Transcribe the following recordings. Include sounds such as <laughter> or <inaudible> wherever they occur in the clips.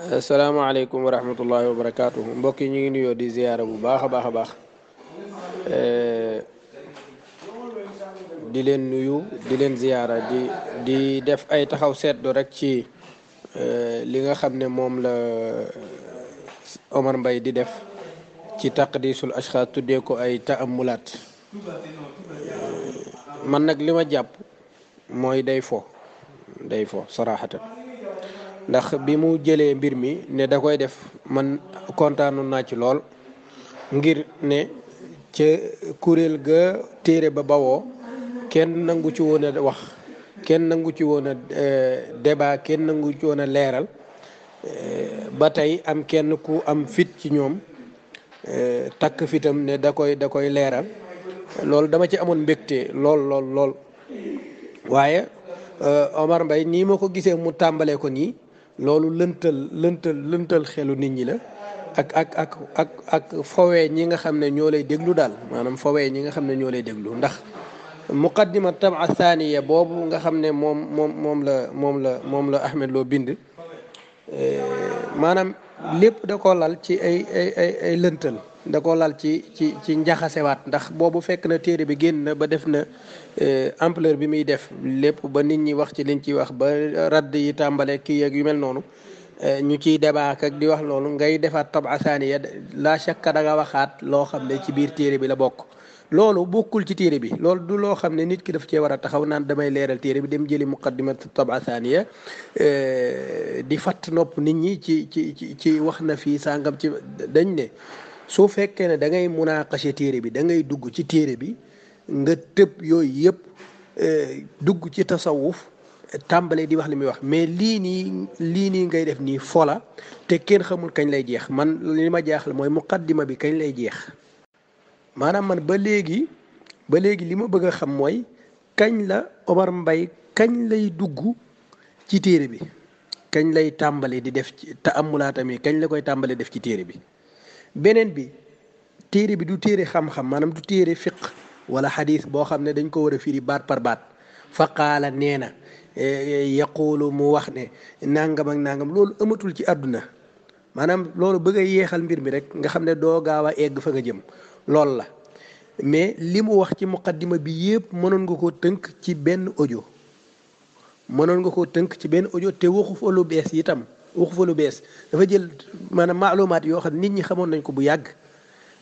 salaamaaleykum wa rahmatullahi wa barakaatu mbokk yi ñu ngi nuyoo di ziyaara bu baax a baax a baax di leen nuyu di leen ziyaara di di def ay taxaw seetlu rek ci eh, li nga xam ne moom la eh, Omar mbay di def ci taqdisul ashxaas tuddee ko ay taamulaat eh, man nag lima jàpp mooy day fo day fo saraxatan ndax bi mu jëlee mbir mi ne da koy def man kontaanu naa ci lool ngir ne ca kuréel ga téere ba bawoo kenn nangu ci woon a wax kenn nangu ci woon a eh, débat kenn nangu ci woon a leeral eh, ba tey am kenn ku am fit ci ñoom eh, takk fitam ne da koy da koy leeral loolu dama ci amoon mbégte lool lool lool waaye Omar mbay nii ma ko gisee mu tàmbalee ko nii loolu lëntal lëntal lëntal xelu nit ñi la ak ak ak ak ak fowee ñi nga xam ne ñoo lay déglu daal maanaam fowee ñi nga xam ne ñoo lay déglu ndax muqaddima tama thaniya boobu nga xam ne moom moom moom la moom la moom la Ahmed Lo bind eh, maanaam lépp da ko lal ci ay ay ay ay da ko lal ci ci ci njaxasewaat ndax boobu fekk na téere bi génn na ba def na eh, ampleur bi muy def lépp ba nit ñi wax ci liñ ciy wax ba radd yi tàmbale kii ak yu mel noonu eh, ñu ciy débaak ak di wax loolu ngay defaat tabaa saaniya la shakka da nga waxaat loo xam ne ci biir téere bi la bokk loolu bokkul ci téere bi loolu du loo xam ne nit ki daf cee war a taxaw naan damay leeral téere bi dem jëli muqaddimat tabaa saaniya eh, di fatt nopp nit ñi ci ci ci wax na fii sàngam ci dañ su fekkee ne da ngay munaaqashe téere bi da ngay dugg ci téere bi nga tëb yooyu yëpp eh, dugg ci tasawuf tàmbalee di wax li muy wax mais lii nii lii nii ngay def nii fola te kenn xamul kañ lay jeex man li ma jaaxle mooy muqaddima bi kañ lay jeex maanaam man ba léegi ba léegi li ma bëgg xam mooy kañ la Omar Mbay kañ lay dugg ci téere bi kañ lay tàmbale di def ci te amulaatam yi kañ la koy tàmbale def ci téere bi beneen bi téere bi du téere xam-xam maanaam du téere fiq wala xadiis boo xam ne dañ ko war a firi baat par baat fa qaala nee na e, e, yaquulu mu wax ne nangam ak nangam loolu ëmatul ci àdduna maanaam loolu bëgg a yeexal mbir mi rek nga xam ne doo gaaw a egg fa nga jëm loolu la mais li mu wax ci muqaddima bi yëpp mënoon nga ko tënk ci benn ojo mënoon nga ko tënk ci benn audio te waxu fa lu bees itam wax lu bees dafa jël maanaam maalumaat yoo xam nit ñi xamoon nañ ko bu yàgg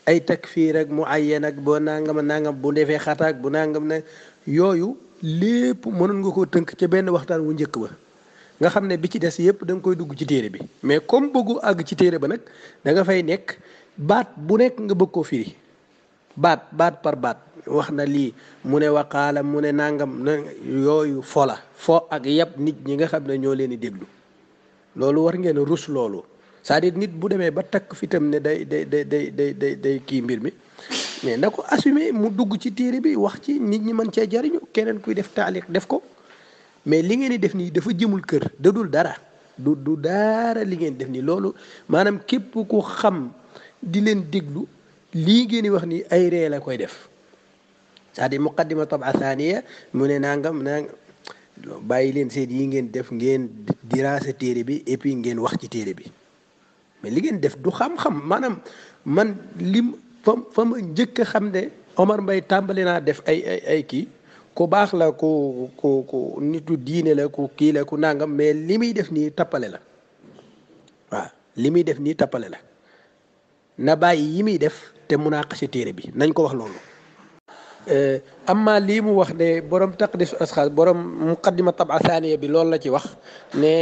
ay takfiir ak mu ak bo nangam nangam bu defee xataak bu nangam na yooyu lépp mënoon nga koo tënk ca benn waxtaan wu njëkk ba nga xam ne bi ci des yépp da nga koy dugg ci téere bi mais comme bëggu àgg ci téere ba nag da nga fay nekk baat bu nekk nga bëgg koo firi baat baat par baat wax na lii mu ne waqaala mu ne nangam na yooyu fola fo ak yab nit ñi nga xam ne di déglu loolu war ngeen a rus loolu cest à nit bu demee ba takk fitam ne day day day day day day day kii mbir mi mais na ko assumer mu dugg ci téere bi wax ci nit ñi mën cee jariñu keneen kuy def taaliq def ko mais li ngeen di def nii dafa jëmul kër dadul dara du du dara li ngeen def nii loolu maanaam képp ku xam di leen déglu lii ngeen di wax nii ay ree la koy def c'est-à-dire muqaddima tab'a mu ne nangam naa bàyyi leen seen yi ngeen def ngeen diraasa téere bi et ngeen wax ci téere bi mais li ngeen def du xam-xam maanaam man lim fam fam njëkk a xam ne Omar Mbaye tàmbali naa def ay ay ay kii ku baax la ko ku ku nitu diine la ko kii la ku nangam mais li muy def nii tappale la waaw li muy def nii tappale la na bàyyi yi muy def te munaaqa si téere bi nañ ko wax loolu Eh, amma lii mu wax ne borom taqdisu asxaas borom muqaddima taba saaniya bi loolu la ci wax ne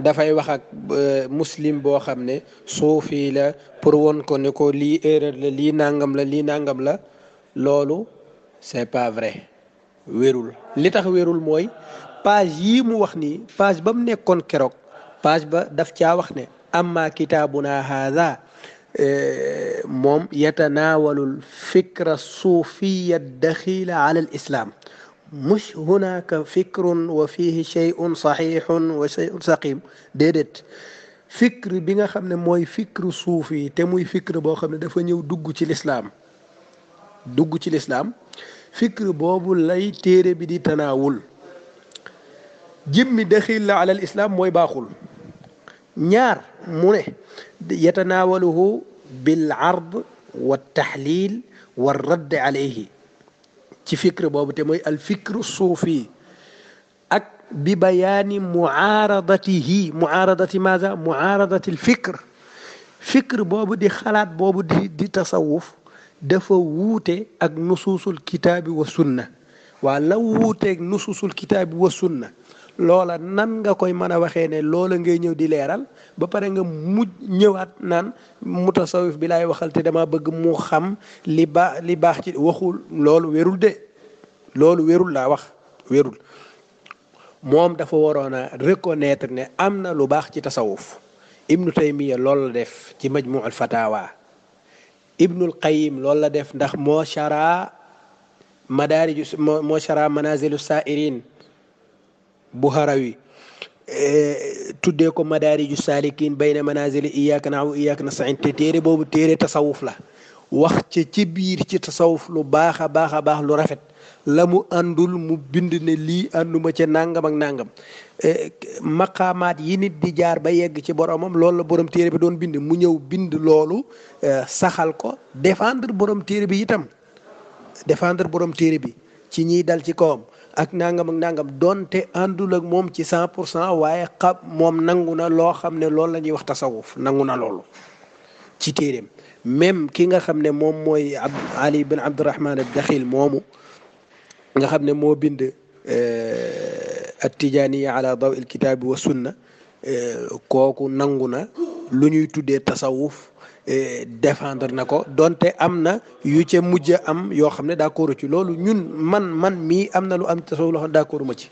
dafay wax ak eh, muslim boo xam ne suufi la pour won ko ne ko lii la lii nangam la lii nangam la loolu c'est pas vrai wérul li tax wérul mooy page yii mu wax nii page ba mu nekkoon keroog page ba daf caa wax ne amma kitaabuna haada آه، موم يتناول الفكرة الصوفية الدخيلة على الإسلام مش هناك فكر وفيه شيء صحيح وشيء سقيم ديدت فكر بيغا خامن موي فكر صوفي تي موي فكر بو خامن دا فا نييو الاسلام دوج تي الاسلام فكر بوبو لاي تيري بي دي تناول جيمي دخيل على الاسلام موي باخول نيار منه يتناوله بالعرض والتحليل والرد عليه تي فكر بابتي الفكر الصوفي اك ببيان معارضته معارضة ماذا معارضة الفكر فكر بابو دي خلات بابو دي, دي تصوف دفا ووتي اك نصوص الكتاب والسنة ولو ووتي نصوص الكتاب والسنة loola nan nga koy mën a waxee ne loola ngay ñëw di leeral ba pare nga mujj ñëwaat naan mutasawif bi laay waxal te dama bëgg mu xam li li baax ci waxul loolu wérul de loolu wérul laa wax wérul moom dafa waroon a reconnaître ne am na lu baax ci tasawuf ibnu taymiya loolu la def ci majmu al fatawa ibnul qayim loolu la def ndax moo chara madaariju moo chara manazilu sairin bu Buharawi e, tuddee ko madaariju saalikin bayna manazili iyyaka na'budu wa iyyaka nasta'in te téere boobu téere tasawuf la wax ci ci biir ci tasawuf lu baax a baax a baax lu rafet la mu àndul mu bind ne lii ànduma ca nangam ak nangam e, maqaamaat yi nit di jaar ba yegg ci boromam loolu la borom téere bi doon bind mu ñëw bind loolu e, saxal ko défendre borom téere bi itam défendre borom téere bi ci ñiy dal ci kawam. ak nangam ak nangam donte àndul ak moom ci cent pour cent waaye moom nangu na loo xam ne loolu la ñuy wax tasawuf nangu na loolu ci téeréem même ki nga xam ne moom mooy ab ali bin abdurahman ad daxil moomu nga xam ne moo bind eh, at tijaaniya ala daw il kitaabi wa sunna eh, kooku nangu na lu ñuy tuddee tasawuf Eh, défendre na ko donte am na yu ca mujj am yoo xam ne d'accord ci loolu ñun man man mii am na lu am tasawuf loo xam ne d'accord ma ci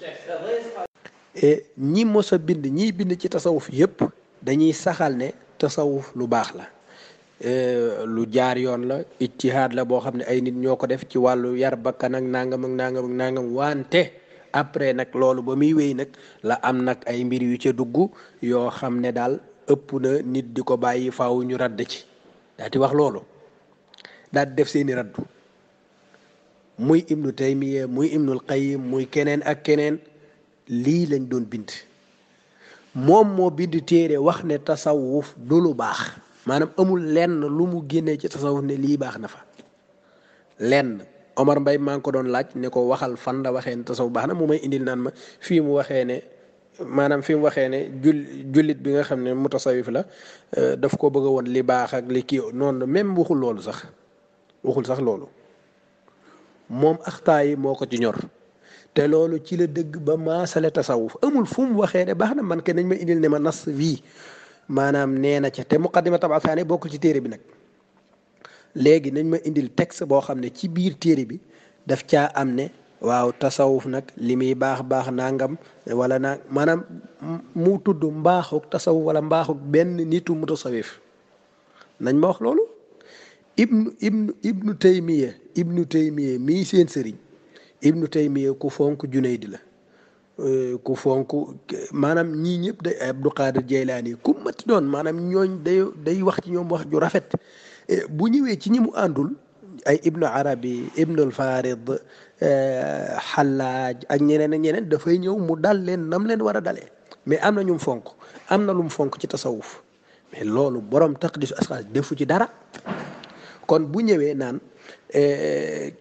eh, ñi mos a bind ñiy bind ci tasawuf yépp dañuy saxal ne tasawuf lu baax la eh, lu jaar yoon la ijtihaad la boo xam ne ay nit ñoo ko def ci wàllu yar bakkan ak nangam ak nangam ak nangam wante après nag loolu ba muy wéy nag la am nag ay mbir yu ca dugg yoo xam ne daal ëpp na nit di ko bàyyi faw ñu radd ci daal di wax loolu daal def seeni raddu muy ibnu taymiya muy ibnul qayim muy keneen ak keneen lii lañ doon bind moom moo bind téere wax ne tasawuf du lu baax maanaam amul lenn lu mu génnee ci tasawuf ne lii baax na fa lenn Omar Mbay maa ngi ko doon laaj ne ko waxal fan la waxee ne tasawuf baax na mu may indil naan ma fii mu waxee ne maanaam fi mu waxee ne jul jullit bi nga xam ne mutasawif la daf ko bëgg a woon li baax ak li kii noonu même waxul loolu sax waxul sax loolu moom axtaa yi moo ko ci ñor te loolu ci la dëgg ba maasale tasawuf amul fu mu waxee ne baax na man ke nañ ma indil ne ma nas wii maanaam nee na ca te muqaddima tabasaane bokkul ci téere bi nag léegi nañ ma indil texte boo xam ne ci biir téere bi daf caa am ne waaw tasawuf nag li muy baax baax nangam wala naa maanaam mu tudd mbaaxuk tasawuf wala mbaaxuk benn nitu mutasawif nañ ma wax loolu ibnu ibnu ibnu taymiya mii seen sëriñ ibnu taymiya ku fonk di la euh, ku fonk maanaam ñii ñëpp day abdu qaadir jaylaani ku mati doon maanaam ñooñ day day wax ci ñoom wax ju rafet euh, bu ñëwee ci ñi mu àndul ay ibnu arabi ibnul farid eh, xallaaj ak ñeneen ñeneen dafay ñëw mu dal leen nam leen war a dalee mais am na ñum fonk am na lu mu fonk ci tasawuf mais loolu borom taqdisu asxaas defu ci dara kon bu ñëwee naan eh,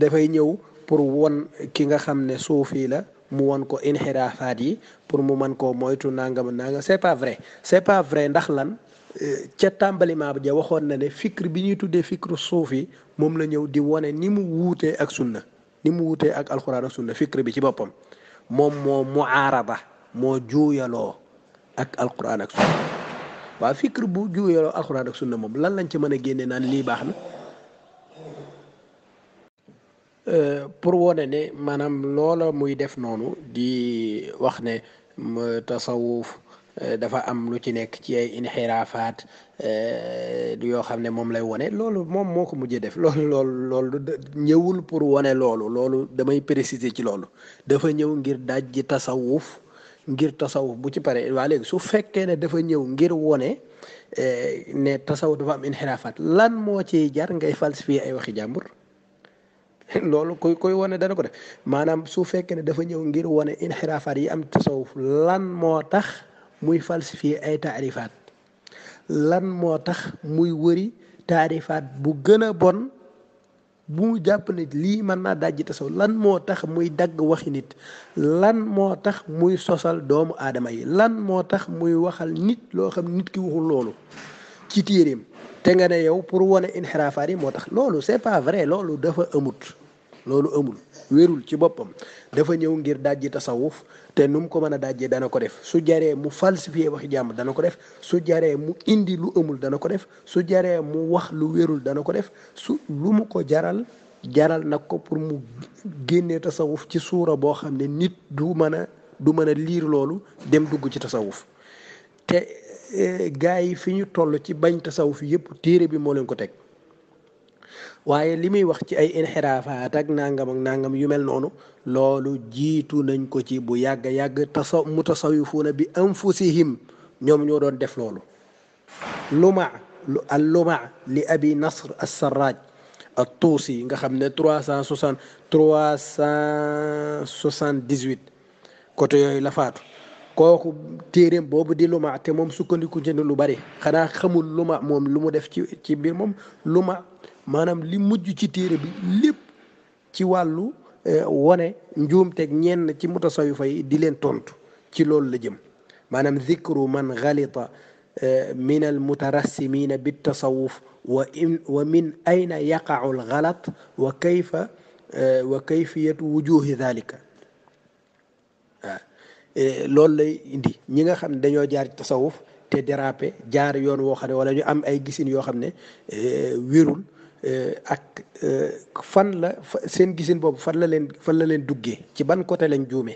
dafay ñëw pour won ki nga xam ne suufi la mu won ko inxiraafaat yi pour mu mën ko moytu nangam nangam c'est pas vrai c'est pas vrai ndax lan euh, ca tàmbaliment ba ja waxoon na ne fikr bi ñuy tuddee fikru suufi moom la ñëw di wone ni mu wuutee ak sunna ni mu wuutee ak alxuraan ak sunna fikr bi ci boppam moom moo mu aaraba moo juuyaloo ak alxuraan ak sunna waaw fikr bu juuyaloo alxuraan ak sunna moom lan lañ ci mën a génnee naan lii baax na Euh, pour wone ne maanaam loola muy def noonu di wax ne tasawuf euh, dafa am lu ci nekk ci ay inxiraafaat euh, du yoo xam ne moom lay wone loolu moom moo ko mujjee def loolu loolu loolu ñëwul pour wone loolu loolu damay préciser ci loolu dafa ñëw ngir daj ji tasawuf ngir tasawuf bu ci pare waa léegi su fekkee ne dafa ñëw ngir wone ne tasawuf dafa am inxiraafaat lan moo ciy jar ngay falsifier ay waxi jàmbur <laughs> loolu koy koy wane dana ko def maanaam su fekkee ne dafa ñëw ngir wane inxiraafaat yi am tasawuf lan moo tax muy falsifier ay taarifaat lan moo tax muy wëri taarifaat bu gën a bon bu jàpp nit lii mën naa dajji tasawuf lan moo tax muy dagg waxi nit lan moo tax muy sosal doomu aadama yi lan moo tax muy waxal nit loo xam nit ki waxul loolu ci téeréem te nga ne yow pour wone inxiraafaat yi moo tax loolu c'est pas vrai loolu dafa amut loolu amul wérul ci boppam dafa ñëw ngir dajji tasawuf te nu mu ko mën a dajjee dana ko def su jaree mu falsifier wax jàmm dana ko def su jaree mu indi lu amul dana ko def su jaree mu wax lu wérul dana ko def su lu mu ko jaral jaral nag ko pour mu génne tasawuf ci suura boo xam ne nit du mën a du mën a liir loolu dem dugg ci tasawuf te Eh, gaa yi fi ñu toll ci bañ tasawuf yëpp téere bi moo leen ko teg waaye li muy wax ci ay inxiraafaat ak nangam ak nangam yu mel noonu loolu jiitu nañ ko ci bu yàgg yàgg tasa mu tasawifuuna bi anfusihim ñoom ñoo doon def loolu luma al li abi nasr as-sarraj ak tuusi nga xam ne trois cent soixante trois cent soixante dix-huit côté yooyu lafaatu kooku téeréem boobu di luma te moom sukkandiku ci lu bari xanaa xamul luma moom lu mu def ci ci mbir moom luma maanaam li mujj ci téere bi lépp ci wàllu eh, wone njuumteeg ñenn ci mutasawifa yi di leen tontu ci loolu la jëm maanaam zikru man galita eh, min al mutarassimina bi tasawuf wa in wa min ayna yaqacu al wa kayfa eh, wa kayfiyatu wujuhi dalika Eh, loolu lay indi ñi nga xam ne dañoo jaar ci tasawuf te déraper jaar yoon woo xam ne wala ñu am ay gisin yoo xam ne eh, wérul eh, ak fan la seen gisin boobu fan la leen fan la leen duggee ci ban côté lañ juume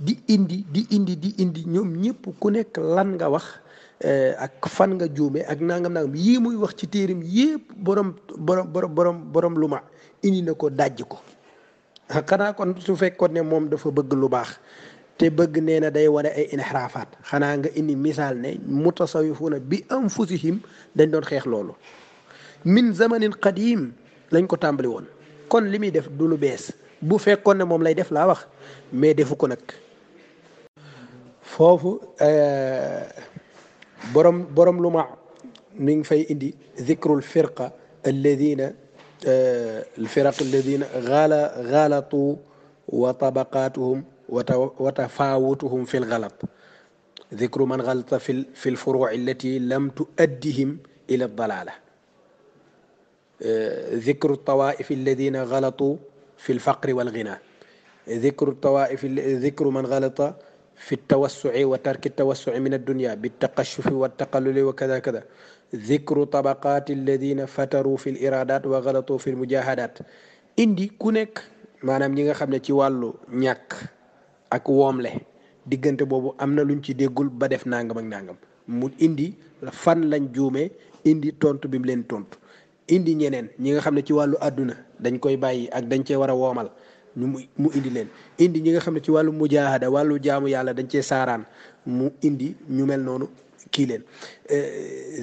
di indi di indi di indi ñoom ñëpp ku nekk lan nga wax ak fan nga juume ak nangam nangam yii muy wax ci téerim yëpp borom borom borom borom lu ma indi na ko dajj ko xanaa kon su fekkoon ne moom dafa bëgg lu baax te bëgg nee na day wane ay inxiraafaat xanaa nga indi misaal ne mutasawifuuna bi anfusihim dañ doon xeex loolu min zamanin qadim lañ ko tàmbali woon kon li muy def du lu bees bu fekkoon ne moom lay def laa wax mais defu ko nag foofu borom borom lu ma mi ngi fay indi zikrul firqa alladina الفرق الذين غالطوا وطبقاتهم وتفاوتهم في الغلط ذكر من غلط في في الفروع التي لم تؤدهم إلى الضلالة ذكر الطوائف الذين غلطوا في الفقر والغنى ذكر الطوائف ذكر من غلط في التوسع وترك التوسع من الدنيا بالتقشف والتقلل وكذا كذا ذكر طبقات الذين فتروا في الإرادات وغلطوا في المجاهدات إندي كونك ما maanaam نيغا nga xam ne ak woomle diggante boobu am na lu luñ ci déggul ba def nangam ak nangam mu indi fan lañ juumee indi tontu bi mu leen tontu indi ñeneen ñi nga xam ne ci wàllu àdduna dañ koy bàyyi ak dañ cee war a woomal ñu mu indi leen indi ñi nga xam ne ci wàllu mujaahada wàllu jaamu yàlla dañ cee saaraan mu indi ñu mel noonu kii leen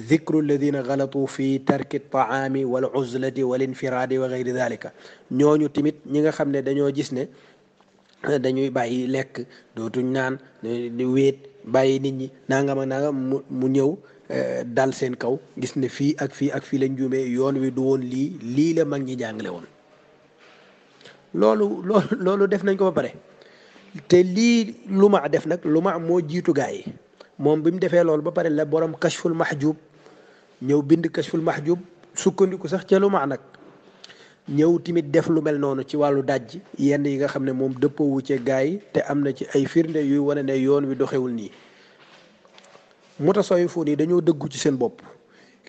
zikru alladina galatu fi tarki taami wala uzlati wal infiraadi wa gayri dalika ñooñu tamit ñi nga xam ne dañoo gis ne dañuy bàyyi lekk dootuñ naan di wéet bàyyi nit ñi nangam ak nangam mu mu ñëw eh, dal seen kaw gis ne fii ak fii ak fii lañ juumee yoon wi du woon lii lii la mag ñi jàngale woon loolu loolu def nañ ko ba pare te lii lu ma def nag lu ma moo jiitu gaa yi moom bi mu defee loolu ba pare la borom kashful mahjub ñëw bind kashful mahjub sukkandiku sax ca lu nag ñëw tamit def lu mel noonu ci wàllu dàjj yenn yi nga xam ne moom dëppoowu ci gaa yi te am na ci ay firnde yuy wane ne yoon wi doxewul nii mutasawwifoon yi dañoo dëggu ci seen bopp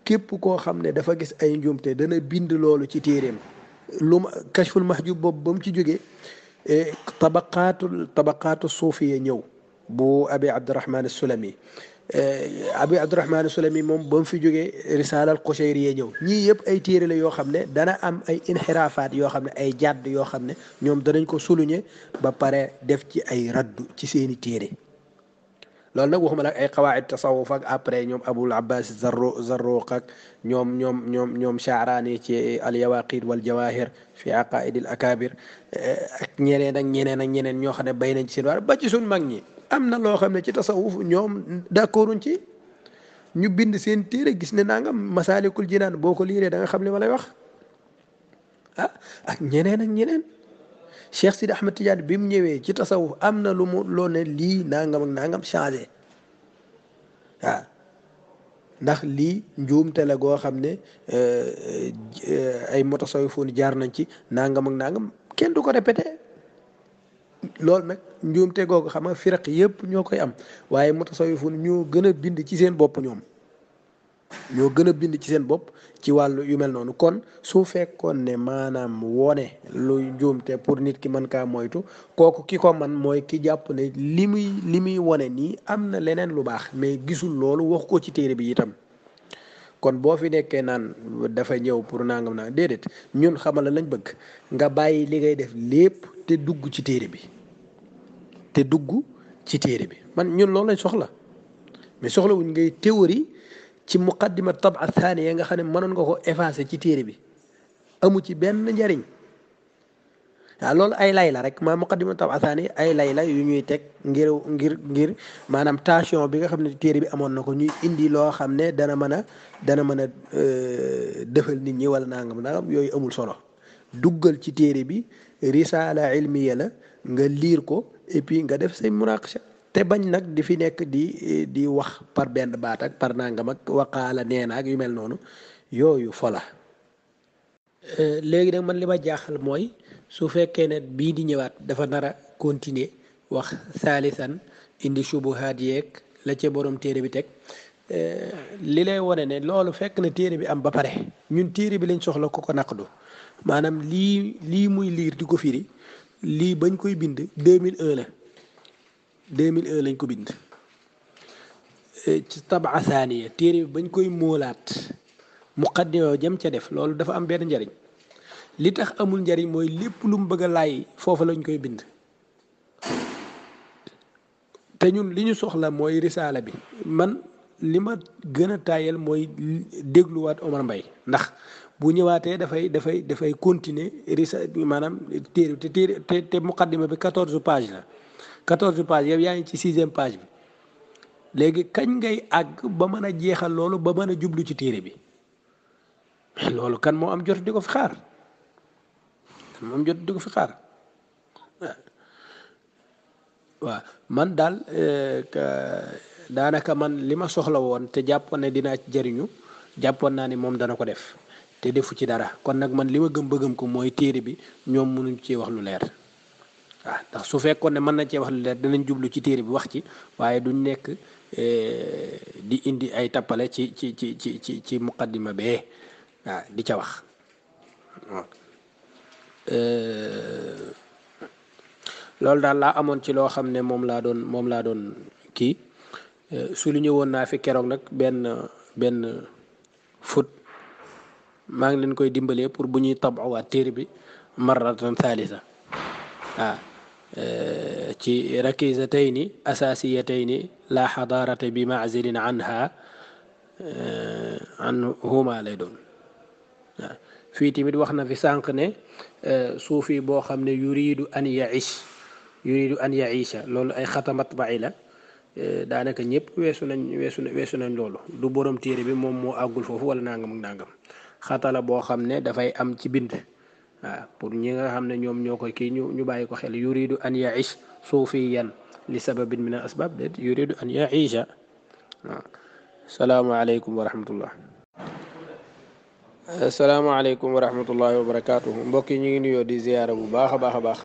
képp koo xam ne dafa gis ay njuumte dana bind loolu ci téeréem lu kashful mahjub boobu ba mu ci jógee e, tabaqaatu tabaqaatu suufiya ñëw bu abee abdurahman sulami Eh, abi abdourahman sulami moom ba mu fi jógee risalal qushayriya ñëw ñii yëpp ay téere la yoo xam ne dana am ay inxiraafaat yoo xam ne ay jàdd yoo xam ne ñoom danañ ko souligner ba pare def ci ay raddu ci seeni téere loolu nag waxuma la ay qawaid tasawuf ak après ñoom abul abbas zarro zarruq ak ñoom ñoom ñoom ñoom chaaraani ci alyawaqid wal jawahir fi aqaid al akabir eh, ak ñeneen ak ñeneen ñoo xam ne bay nañ ci seen waar ba ci suñ mag ñi am na loo xam ne ci tasawuf ñoom d'accorduñ ci ñu bind seen téere gis ne nangam masaalikul jinaan boo ko liiree da xam li ma lay wax ah, ak ñeneen ak ñeneen Cheikh Sidi Ahmed Tidiane bi mu ñëwee ci tasawuf am na lu mu loo ne lii nangam ak nangam changé waaw ndax lii njuumte la goo xam ne euh, euh, euh, ay motasawifoon jaar nañ ci nangam ak nangam kenn du ko répété. loolu nag njuumte googu xam nga firaq yëpp ñoo koy am waaye mutasawifun ñoo gën a bind ci seen bopp ñoom ñoo gën a bind ci seen bopp ci wàllu yu mel noonu kon su fekkoon ne maanaam wone lu njuumte pour nit ki mën kaa moytu kooku ki ko man mooy ki jàpp ne li muy li muy wone nii am na leneen lu baax mais gisul loolu wax ko ci téere bi itam kon boo fi nekkee naan dafa ñëw pour nangam naa déedéet ñun xamala lañ bëgg nga bàyyi li ngay def lépp te dugg ci téere bi te dugg ci téere bi man ñun loolu lañ soxla mais soxla wuñ ngay théorie ci muqaddima tab'a thaniya nga xam ne mënoon nga ko effacer ci téere bi amu ci benn njariñ waaw loolu ay lay la rek maa muqaddima tab'a thaniya ay layla yu ñuy teg ngir ngir ngir maanaam tension bi nga xam ne téere bi amoon na ko ñuy indi loo xam ne dana mën a dana mën a euh, defal nit ñi wala nangam nangam yooyu amul solo duggal ci téere bi risaala ilmiya la nga liir ko et nga def say muraqasha te bañ nag di fi nekk di di wax par benn baat ak par nangam ak waqaala nee na ak yu mel noonu yooyu fola euh, léegi nag man li ma jaaxal mooy su fekkee ne bii di ñëwaat dafa nar a wax saalisan indi subuhaat yeeg la ca borom téere bi teg euh, li lay wone ne loolu fekk na téere bi am ba pare ñun téere bi lañ soxla ko ko naqdu maanaam lii lii muy liir di ko firi lii bañ koy bind 2001 la 2001 lañ ko bind eh, ci tabaa saaniya téere bi bañ koy moolaat muqaddima jëm ca def loolu dafa am benn njariñ li tax amul njariñ mooy lépp lu mu bëgg a laay foofa lañ koy bind te ñun li ñu soxla mooy risaala bi man li ma gën a taayal mooy dégluwaat Omar Mbay ndax bu ñëwaatee dafay dafay dafay continuer risa maanaam téere te téere te te muqaddima bi quatorze page la quatorze page yow yaa ngi ci sixième page bi léegi kañ ngay àgg ba mën a jeexal loolu ba mën a jublu ci téere bi loolu kan moo am jot di ko fi xaar kan jot di ko waaw man daal euh, daanaka man li ma soxla woon te jàppoon ne dinaa ci jëriñu jàppoon naa ni moom dana ko def te defu ci dara kon nag man li ma gëm bëggam ko mooy téere bi ñoom mënuñ ci wax lu leer waaw ndax su fekkoon ne mën na cee wax lu leer danañ jublu ci téere bi wax ci waaye duñ nekk eh, di indi ay tappale ci ci ci ci ci ci muqaddima bee waaw di ca wax eh, loolu daal laa amoon ci loo xam ne moom laa doon moom laa doon kii eh, su lu ñëwoon naa fi keroog nag benn benn foot maa ngi leen koy dimbalee pour bu ñuy tabaxuwaat téere bi marratan thalitha waaw ci rakizatayni asasiyatayni la xadaarata bi maazilin anha an huma lay doon waaw fii tamit wax na fi sànq ne suufi boo xam ne yuridu an yaish yuridu an yaisha loolu ay xatamat bayi la daanaka ñëpp weesu nañ weesu weesu nañ loolu du borom téere bi moom moo àggul foofu wala nangam ak nangam xatala boo xam ne dafay am ci bind waaw pour ñi nga xam ne ñoom ñoo koy kii ñu ñu bàyyi ko xel yuridu an yaish suufiyan li sababin min a asbab déet yuridu an yaisha waaw salaamaaleykum wa rahmatullah salaamaaleykum wa rahmatullahi wa barakaatu mbokk yi ñu ngi nuyoo di ziyaara bu baax a baax a baax